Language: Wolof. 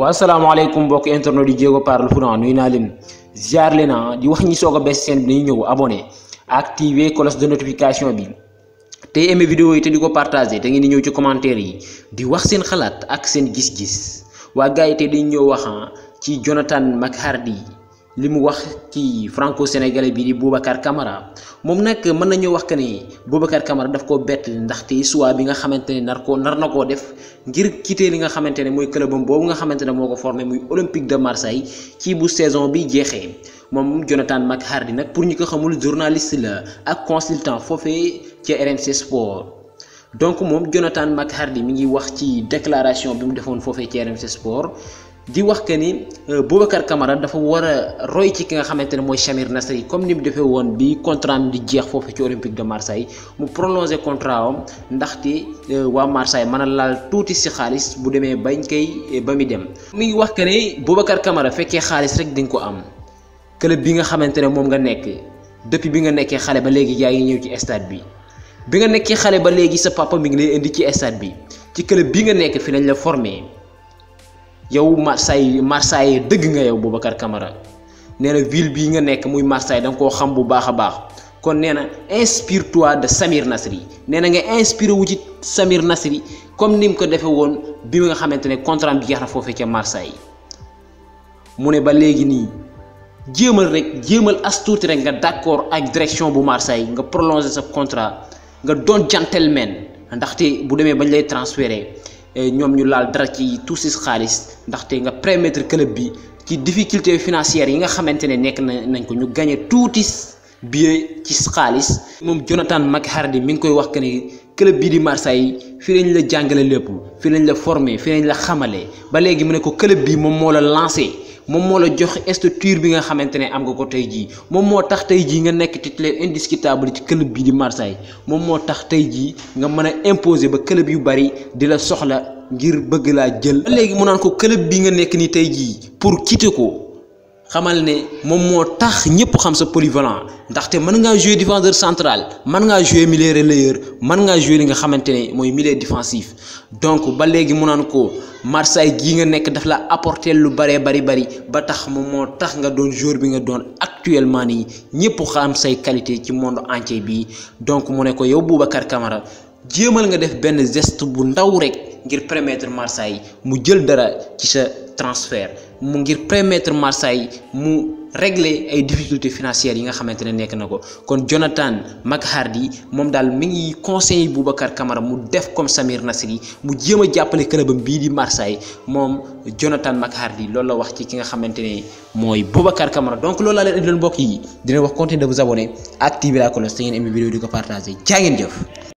waa salaamaaleykum mbokk internet di Diégo parle Fouran nuyu naa leen ziar leen ah, di wax ñi soog a bees seen bi nañu ñëw abonné activer colos de notification bi te aimé vidéo yi te di ko partagé te ngeen di ñëw ci commentaire yi di wax seen xalaat ak seen gis-gis waa gars yi dañu ñëw wax ah, ci Jonathan yi limu wax ci franco sénégalais bi di boubacar camara moom nag mën nañu wax que ne boubacar camara daf ko bett ndax te histoire bi nga xamante ne nar ko nar na koo def ngir quitté li nga xamante ne mooy clubam nga xamante ne formé muy olympique de marseille ci bu saison bi jeexee moom jonathan mac hardi nag pour ñu ko xamul journaliste la ak consultant foofee ca rmc sport donc moom jonathan mac hardi mi ngi wax ci déclaration bi mu defoon foofee ca rmc sport di wax que ni euh, Boubacar kamara dafa war a roy ci ki nga xamante ne mooy Samir Nasri comme ni mu defee woon bi contrat di jeex foofu ci Olympique de Marseille mu prolongé contrat ndax di euh, waa Marseille mën a laal tuuti si xaalis bu demee bañ kay euh, ba muy dem. mi ngi wax que ne Boubacar kamara fekkee xaalis rek di nga ko am club bi nga xamante ne moom nga nekk depuis bi nga nekkee xale ba léegi yaa ngi ñëw ci stade bi. bi nga nekkee xale ba léegi sa papa mi ngi lay indi ci stade bi ci club bi nga nekk fi lañ la formé. yow marsay marsay deug nga ya, yow bubakar camara neena ville bi nga nek muy marsay dang ko xam bu baakha baax kon neena inspire toi de samir nasri neena nga inspire wu ci samir nasri comme nim ko defé won bi nga xamantene contrat bi jaxna fofé ci marsay mune ba legui ni jemal rek jemal astuti rek nga d'accord ak direction bu marsay nga prolonger sa contrat nga don gentleman ndaxte bu démé bañ lay transférer ñoom ñu laal dara ci tuuti xaalis ndaxte nga prémettre club bi ci difficulté financière yi nga xamante ne nekk nañ ko ñu gagné tuuti billet ci xaalis. moom Jonathan McHardy mi ngi koy wax que ni club bi di Marseille fi lañ la jàngale lépp fi lañ la former fi lañ la xamalee ba léegi mu ne ko club bi moom moo la lancer mom mo la jox structure bi nga xamantene am nga ko tay ji mom mo tax tay ji nga nek titulaire indiscutable ci club bi di marseille mom mo tax tay ji nga meuna imposer ba club yu bari di la soxla ngir bëgg la jël légui mu nan ko club bi nga nek ni tay ji pour quitter ko xamal ne mom mo tax xam sa polyvalent jouer défenseur central man nga jouer milieu relayeur man nga jouer li nga milieu défensif donc ba mu Marseille gi nga nekk daf apporter lu bari bari bari ba tax mom mo tax nga don joueur bi nga actuellement xam qualité ci monde entier donc mu ne ko yow Camara nga def ngir permettre Marseille mu jël dara ci sa transfert mu ngir permettre Marseille mu régler ay difficultés financières yi nga xamantene nek nako kon Jonathan McHardy mom dal mi ngi conseiller Boubacar Camara mu def comme Samir Nasri mu jema jappalé club bi di Marseille mom Jonathan McHardy lolou la wax ci ki nga xamantene moy Boubacar Camara donc lolou la leen leen bokk yi dina wax continuer de vous abonner activer la cloche ngeen aimé vidéo di ko partager jangene jeuf